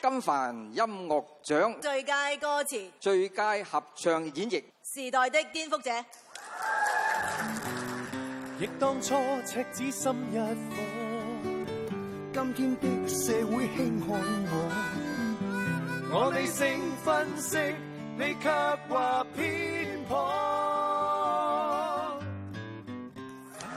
金帆音樂獎最佳歌詞、最佳合唱演繹、時代的顛覆者。亦當初赤子心一顆，今天的社會輕看我，我理性分析，你卻話偏頗。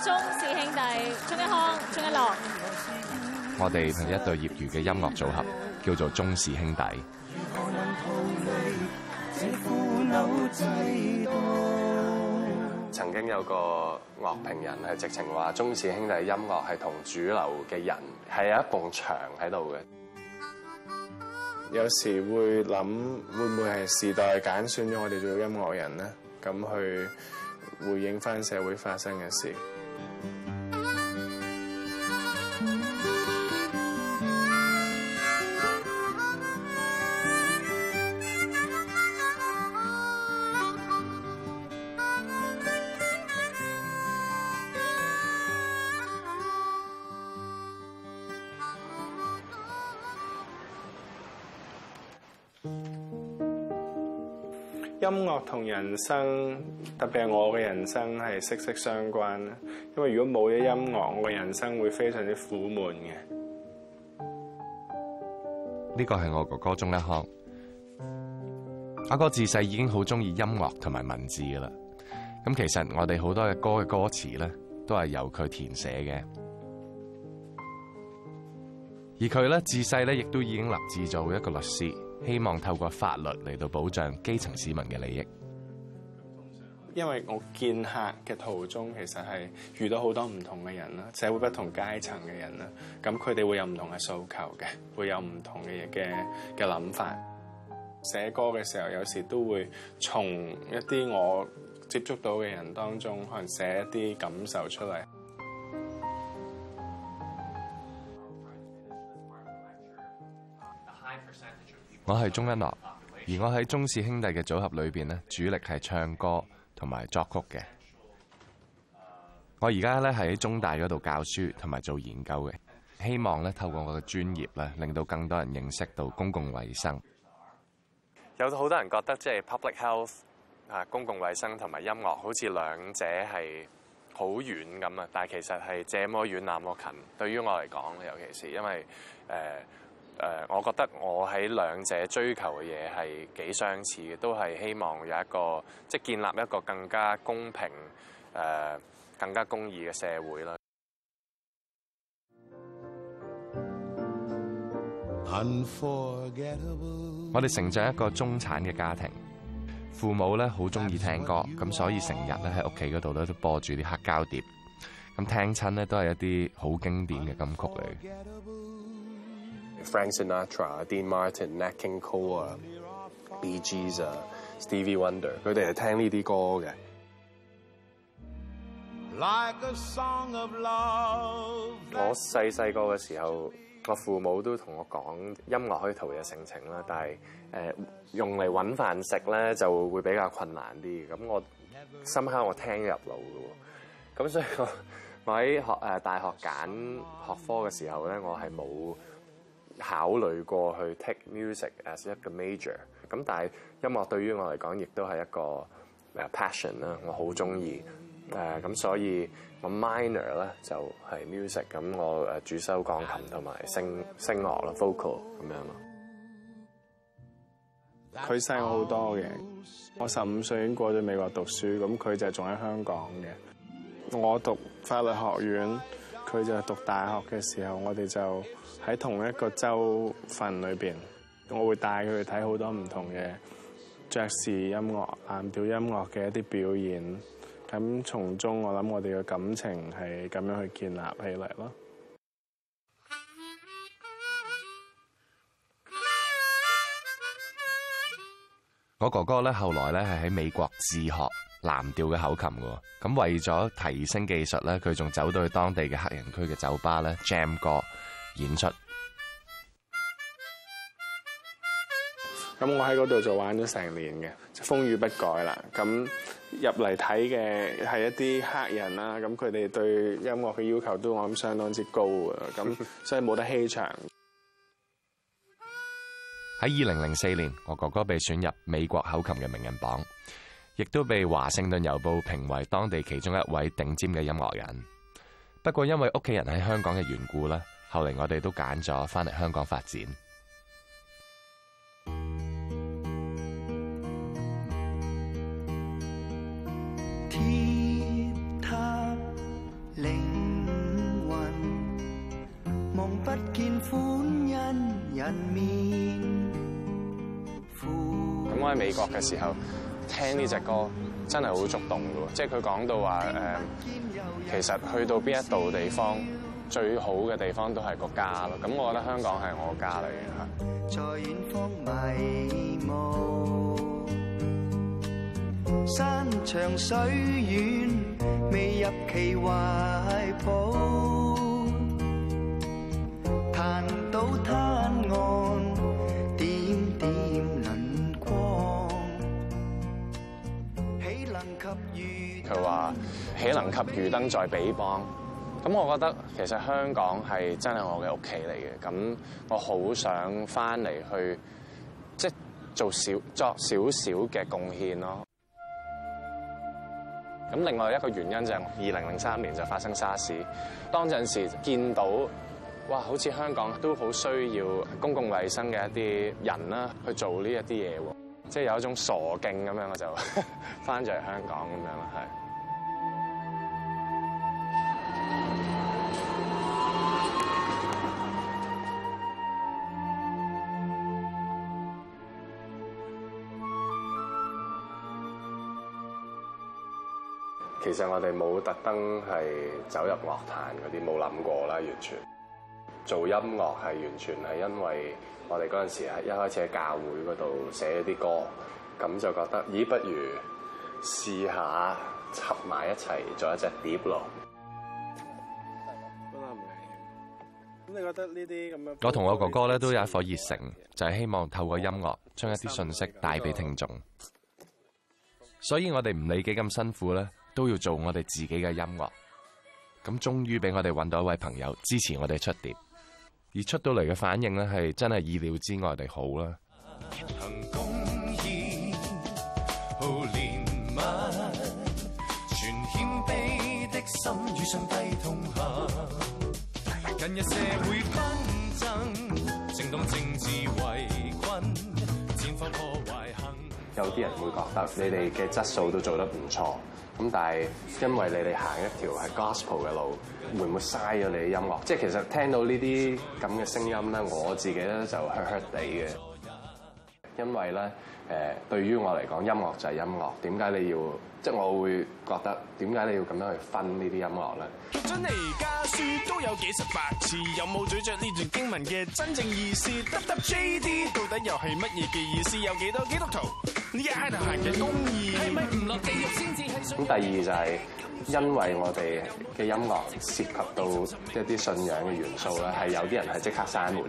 鍾氏兄弟，鍾一匡，鍾一諾。我哋係一對業餘嘅音樂組合，叫做鍾氏兄弟。曾經有個樂評人係直情話鍾氏兄弟嘅音樂係同主流嘅人係有一埲牆喺度嘅。有時會諗會唔會係時代揀選咗我哋做音樂人咧？咁去回應翻社會發生嘅事。音樂同人生，特別係我嘅人生係息息相關。因為如果冇咗音樂，我嘅人生會非常之苦悶嘅。呢個係我哥哥鍾一匡，阿哥自細已經好鍾意音樂同埋文字㗎喇。咁其實我哋好多嘅歌嘅歌詞咧，都係由佢填寫嘅。而佢咧自細咧亦都已經立志做一個律師。希望透過法律嚟到保障基層市民嘅利益。因為我見客嘅途中，其實係遇到好多唔同嘅人啦，社會不同階層嘅人啦，咁佢哋會有唔同嘅訴求嘅，會有唔同嘅嘢嘅嘅諗法。寫歌嘅時候，有時都會從一啲我接觸到嘅人當中，可能寫一啲感受出嚟。我係鍾一諾，而我喺鍾氏兄弟嘅組合裏邊咧，主力係唱歌同埋作曲嘅。我而家咧喺中大嗰度教書同埋做研究嘅，希望咧透過我嘅專業咧，令到更多人認識到公共衛生。有好多人覺得即係 public health 啊，公共衛生同埋音樂好似兩者係好遠咁啊，但係其實係這麼遠那麼近。對於我嚟講，尤其是因為誒。呃誒，我覺得我喺兩者追求嘅嘢係幾相似嘅，都係希望有一個即係建立一個更加公平、誒更加公義嘅社會啦。我哋成長一個中產嘅家庭，父母咧好中意聽歌，咁所以成日咧喺屋企嗰度咧都播住啲黑膠碟，咁聽親咧都係一啲好經典嘅金曲嚟。Frank Sinatra、Dean Martin、Nat King Cole、Bee Gees 啊、Stevie Wonder，佢哋係聽呢啲歌嘅。我細細個嘅時候，我父母都同我講音樂可以陶冶性情啦，但係誒、呃、用嚟揾飯食咧就會比較困難啲。咁我深刻我聽入腦嘅喎，咁所以我喺學誒、呃、大學揀學科嘅時候咧，我係冇考慮過去 take music as 一個 major，咁但係音樂對於我嚟講，亦都係一個 passion 啦，我好中意。誒，咁所以我 minor 咧就係 music，咁我誒主修鋼琴同埋聲聲樂啦 vocal 咁樣咯。佢細我好多嘅，我十五歲已經過咗美國讀書，咁佢就係仲喺香港嘅。我讀法律學院。佢就讀大學嘅時候，我哋就喺同一個州份裏邊。我會帶佢去睇好多唔同嘅爵士音樂、藍調音樂嘅一啲表演。咁從中我諗，我哋嘅感情係咁樣去建立起嚟咯。我哥哥咧，後來咧係喺美國自學。藍調嘅口琴嘅，咁為咗提升技術咧，佢仲走到去當地嘅黑人區嘅酒吧咧 jam 歌演出。咁我喺嗰度就玩咗成年嘅，風雨不改啦。咁入嚟睇嘅係一啲黑人啦，咁佢哋對音樂嘅要求都我諗相當之高啊，咁所以冇得欺場。喺二零零四年，我哥哥被選入美國口琴嘅名人榜。亦都被華盛頓郵報評為當地其中一位頂尖嘅音樂人。不過因為屋企人喺香港嘅緣故啦，後嚟我哋都揀咗翻嚟香港發展。鐵塔靈魂，望不見歡欣人面。咁我喺美國嘅時候。聽呢隻歌真係好觸動㗎喎，即係佢講到話、呃、其實去到邊一度地方，最好嘅地方都係個家囉，咁我覺得香港係我家嚟㗎。在遠方迷惘，山長水遠未入其懷抱豈能及魚燈在彼邦，咁我覺得其實香港係真係我嘅屋企嚟嘅，咁我好想翻嚟去即係做少作少少嘅貢獻咯。咁另外一個原因就係二零零三年就發生沙士，SARS，當陣時見到哇，好似香港都好需要公共衞生嘅一啲人啦去做呢一啲嘢喎，即係有一種傻勁咁樣， 樣，我就翻咗嚟香港咁樣咯，係。其實我哋冇特登係走入樂壇嗰啲，冇諗過啦，完全做音樂係完全係因為我哋嗰陣時係一開始喺教會嗰度寫一啲歌，咁就覺得咦，不如試下插埋一齊做一隻碟咯。咁你覺得呢啲咁樣？我同我哥哥咧都有一顆熱誠，就係希望透過音樂將一啲信息帶俾聽眾，所以我哋唔理幾咁辛苦咧。都要做我哋自己嘅音樂，咁終於俾我哋搵到一位朋友支持我哋出碟，而出到嚟嘅反應呢，係真係意料之外地好啦。 有啲人會覺得你哋嘅質素都做得唔錯，咁但係因為你哋行一條係 gospel 嘅路，會唔會嘥咗你嘅音樂？即係其實聽到呢啲咁嘅聲音咧，我自己咧就 hurt hurt 地嘅，因為咧誒，對於我嚟講，音樂就係音樂。點解你要？即係我會覺得點解你要咁樣去分呢啲音樂咧？呢一 part 係嘅公義，係咪唔落地獄先至係？咁第二就係因為我哋嘅音樂涉及到一啲信仰嘅元素啦，係有啲人係即刻閂門。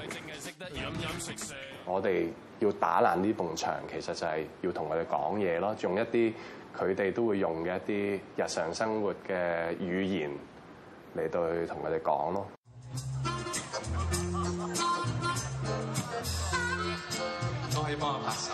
我哋要打爛呢棟牆，其實就係要同佢哋講嘢咯，用一啲佢哋都會用嘅一啲日常生活嘅語言嚟對同佢哋講咯。都可以幫我拍手。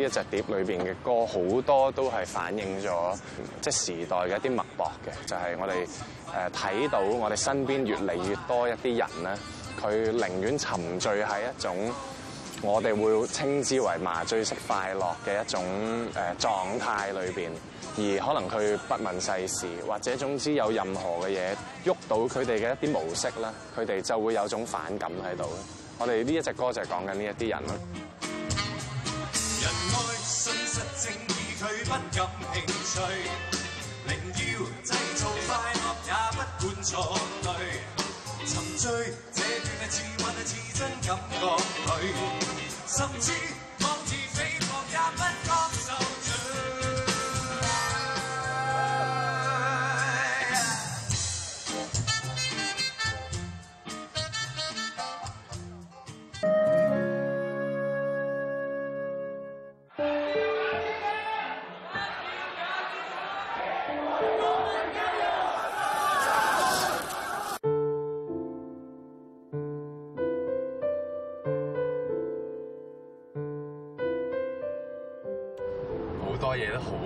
呢一隻碟裏邊嘅歌，好多都係反映咗即時代嘅一啲脈搏嘅，就係我哋誒睇到我哋身邊越嚟越多一啲人咧，佢寧願沉醉喺一種我哋會稱之為麻醉式快樂嘅一種誒狀態裏邊，而可能佢不問世事，或者總之有任何嘅嘢喐到佢哋嘅一啲模式咧，佢哋就會有一種反感喺度。我哋呢一隻歌就係講緊呢一啲人咯。寧要製造快樂，也不管錯對。沉醉這段係似幻似真感覺裏，甚至。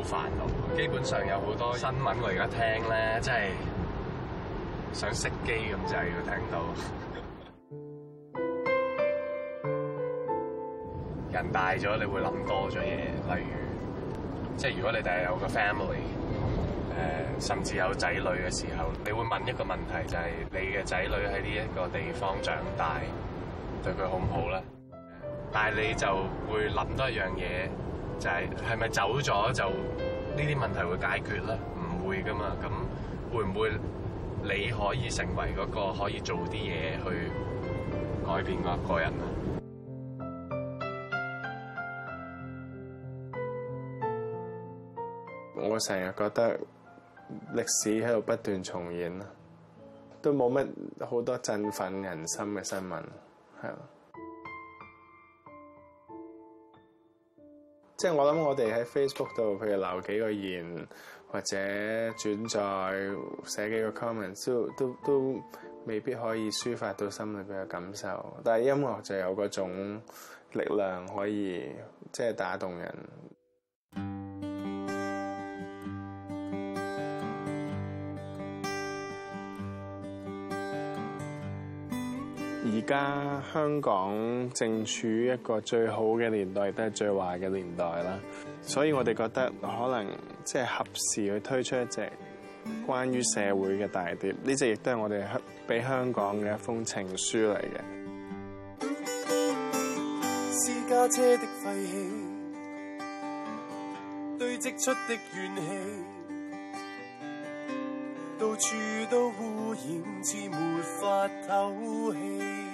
煩惱，基本上有好多新聞我而家聽咧，即係想熄機咁就係要聽到。人大咗你會諗多咗嘢，例如即係如果你第日有個 family，誒甚至有仔女嘅時候，你會問一個問題，就係你嘅仔女喺呢一個地方長大，對佢好唔好咧？但係你就會諗多一樣嘢。就係係咪走咗就呢啲問題會解決咧？唔會噶嘛？咁會唔會你可以成為嗰個可以做啲嘢去改變個個人啊？我成日覺得歷史喺度不斷重演啊，都冇乜好多振奮人心嘅新聞，係咯。即係我諗，我哋喺 Facebook 度，譬如留幾個言，或者轉載寫幾個 comments，都都未必可以抒發到心裏邊嘅感受。但係音樂就有種力量，可以即係、就是、打動人。而家香港正處於一個最好嘅年代，亦都係最壞嘅年代啦。所以我哋覺得可能即係合時去推出一隻關於社會嘅大碟，呢隻亦都係我哋香俾香港嘅一封情書嚟嘅。私家車的廢氣堆積出的怨氣，到處都污染，似沒法透氣。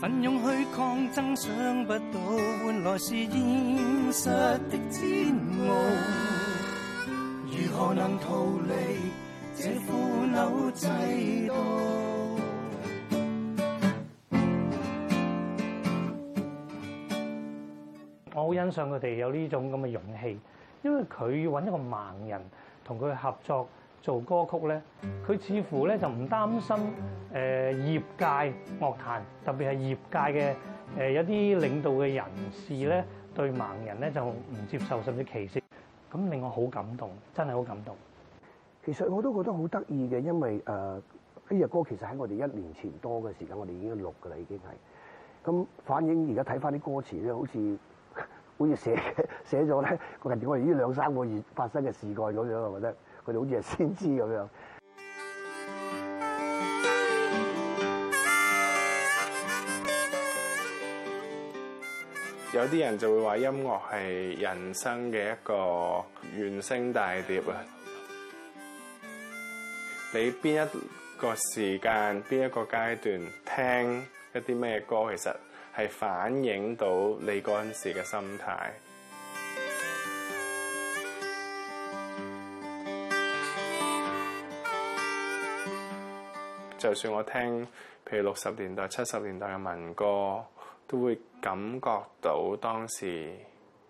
奮勇去抗爭，想不到換來是現實的煎熬。如何能逃離這腐朽制度？我好欣賞佢哋有呢種咁嘅勇氣，因為佢要揾一個盲人同佢合作。做歌曲咧，佢似乎咧就唔擔心誒、呃、業界樂壇，特別係業界嘅誒有啲領導嘅人士咧，是的 對盲人咧就唔接受甚至歧視，咁令我好感動，真係好感動。其實我都覺得好得意嘅，因為誒呢隻歌其實喺我哋一年前多嘅時間，我哋已經錄㗎啦，已經係咁反映。而家睇返啲歌詞咧，好似好似寫寫咗咧，近我哋呢兩三個月發生嘅事概咗樣啊，我覺得。好似先知咁樣，有啲人就會話音樂係人生嘅一個原聲大碟啊！你邊一個時間、邊一個階段聽一啲咩歌，其實係反映到你嗰陣時嘅心態。就算我聽，譬如六十年代、七十年代嘅民歌，都會感覺到當時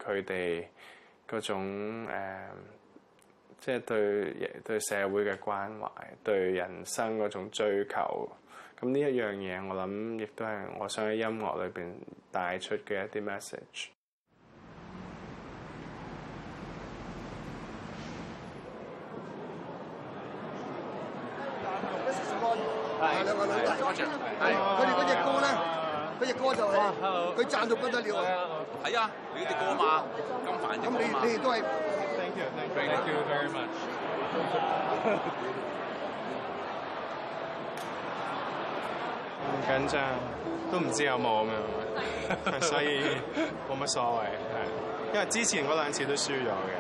佢哋嗰種誒，即係對對社會嘅關懷，對人生嗰種追求。咁呢一樣嘢，我諗亦都係我想喺音樂裏面帶出嘅一啲 message。係佢哋嗰隻歌咧，嗰隻歌就係佢讚到不得了。係啊，係啊，你啲歌嘛，咁煩咁你你哋都係。Thank you, thank you, thank you very much。緊張，都唔知有冇咁樣，所以冇乜所謂。係，因為之前嗰兩次都輸咗嘅，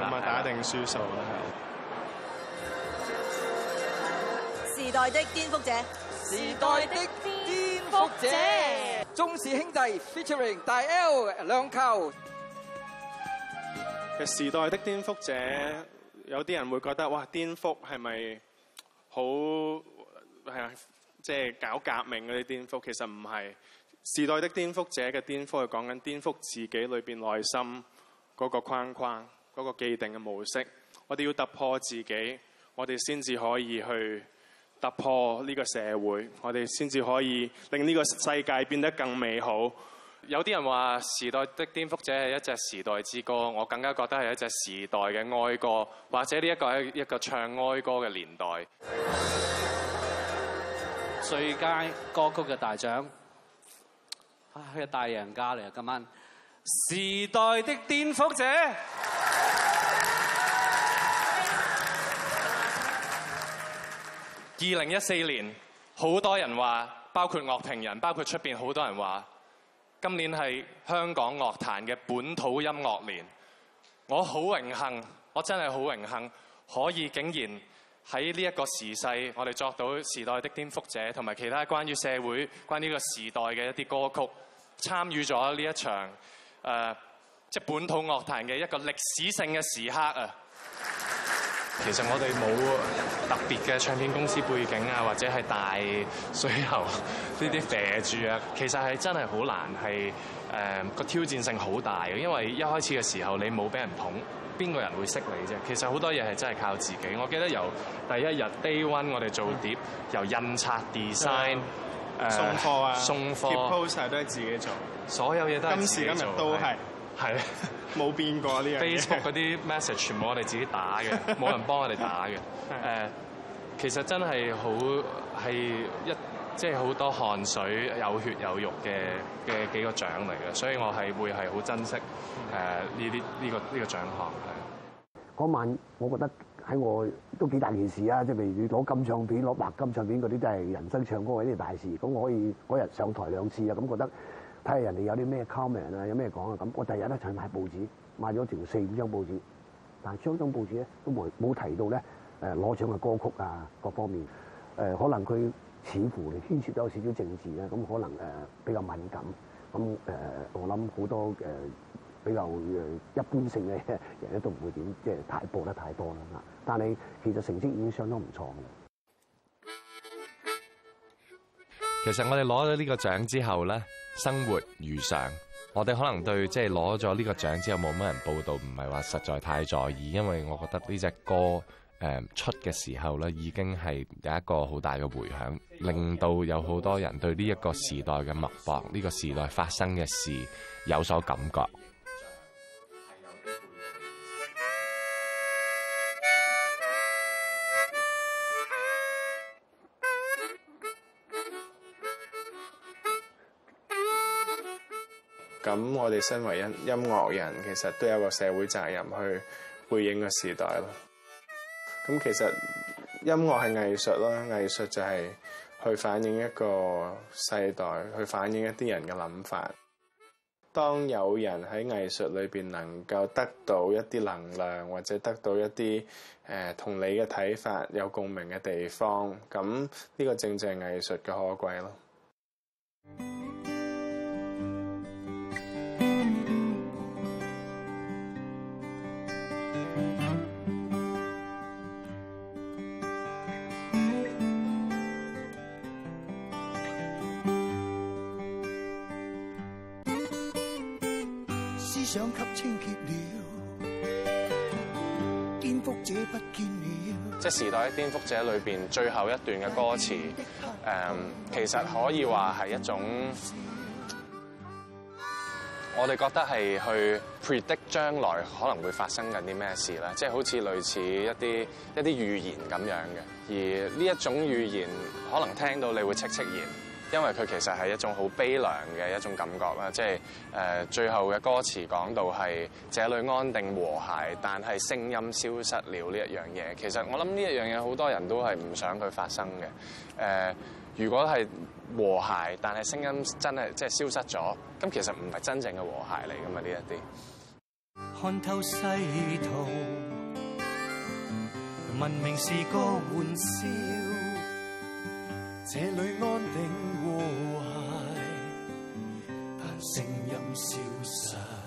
咁啊打定輸數啦。係。時代的顛覆者。時代的顛覆者，鍾氏兄弟 featuring 大 L 兩球。時代，的者時代的顛覆者，有啲人會覺得哇，顛覆係咪好係啊，即係搞革命嗰啲顛覆？其實唔係。時代的顛覆者嘅顛覆係講緊顛覆自己裏邊內心嗰個框框，嗰、嗰個既定嘅模式。我哋要突破自己，我哋先至可以去突破呢個社會，我哋先至可以令呢個世界變得更美好。有啲人話時代的顛覆者係一隻時代之歌，我更加覺得係一隻時代嘅哀歌，或者呢一個係一個唱哀歌嘅年代。最佳歌曲嘅大獎，啊，呢個大贏家嚟啊！今晚時代的顛覆者。二零一四年，好多人話，包括樂評人，包括出邊好多人話，今年係香港樂壇嘅本土音樂年。我好榮幸，我真係好榮幸，可以竟然喺呢一個時勢，我哋作到時代的顛覆者，同埋其他關於社會、關於呢個時代嘅一啲歌曲，參與咗呢一場誒、呃，即係本土樂壇嘅一個歷史性嘅時刻啊！其實我哋冇特別嘅唱片公司背景啊，或者係大水喉呢啲馳住啊，其實係真係好難，係誒個挑戰性好大嘅，因為一開始嘅時候你冇俾人捧，邊個人會識你啫？其實好多嘢係真係靠自己。我記得由第一日 Day One 我哋做碟，嗯、由印刷 design 啊、對呃、送貨啊，送貨貼 post 都係自己做，所有嘢都係今時次是今日都係。係，冇變過呢樣嘢。Facebook 嗰啲 message 全部我哋自己打嘅，冇 人幫我哋打嘅。誒， 其實真係好係一，即係好多汗水有血有肉嘅嘅幾個獎嚟嘅，所以我係會係好珍惜誒呢啲呢個呢、呢個呢個獎項。嗰晚我覺得喺我都幾大件事啊！即係譬如攞金唱片、攞白金唱片嗰啲都係人生唱歌嘅呢啲大事。咁我可以嗰日上台兩次啊，咁覺得。睇下人哋有啲咩 comment 啊，有咩講啊咁。我第日就係買報紙，買咗成四五張報紙，但係張張報紙咧都冇冇提到咧誒攞獎嘅歌曲啊各方面誒，可能佢似乎牽涉到少少政治啊，咁可能誒比較敏感。咁誒，我諗好多誒比較誒一般性嘅人咧都唔會點即係太播得太多啦。但係其實成績已經相當唔錯嘅。其實我哋攞咗呢個獎之後咧。生活如常，我哋可能對即係攞咗呢個獎之後冇乜人報道，唔係話實在太在意，因為我覺得呢隻歌、呃、出嘅時候咧，已經係有一個好大嘅迴響，令到有好多人對呢一個時代嘅脈搏，呢、呢個時代發生嘅事有所感覺。咁我哋身為音音樂人，其實都有個社會責任去回應個時代咯。咁其實音樂係藝術咯，藝術就係去反映一個世代，去反映一啲人嘅諗法。當有人喺藝術裏面能夠得到一啲能量，或者得到一啲呃、同你嘅睇法有共鳴嘅地方，咁呢個正正係藝術嘅可貴咯。時代的顛覆者裏邊最後一段嘅歌詞，誒、嗯、其實可以話係一種，我哋覺得係去 predict 將來可能會發生緊啲咩事啦，即、就、係、是、好似類似一啲一啲預言咁樣嘅，而呢一種預言可能聽到你會戚戚然。因為佢其實係一種好悲涼嘅一種感覺啦，即係誒最後嘅歌詞講到係這裡安定和諧，但係聲音消失了呢一樣嘢。其實我諗呢一樣嘢好多人都係唔想佢發生嘅。誒、呃，如果係和諧，但係聲音真係即係消失咗，咁其實唔係真正嘅和諧嚟噶嘛呢一啲。看透世途，文明是個玩笑。這裡安定和諧，但聲音消失。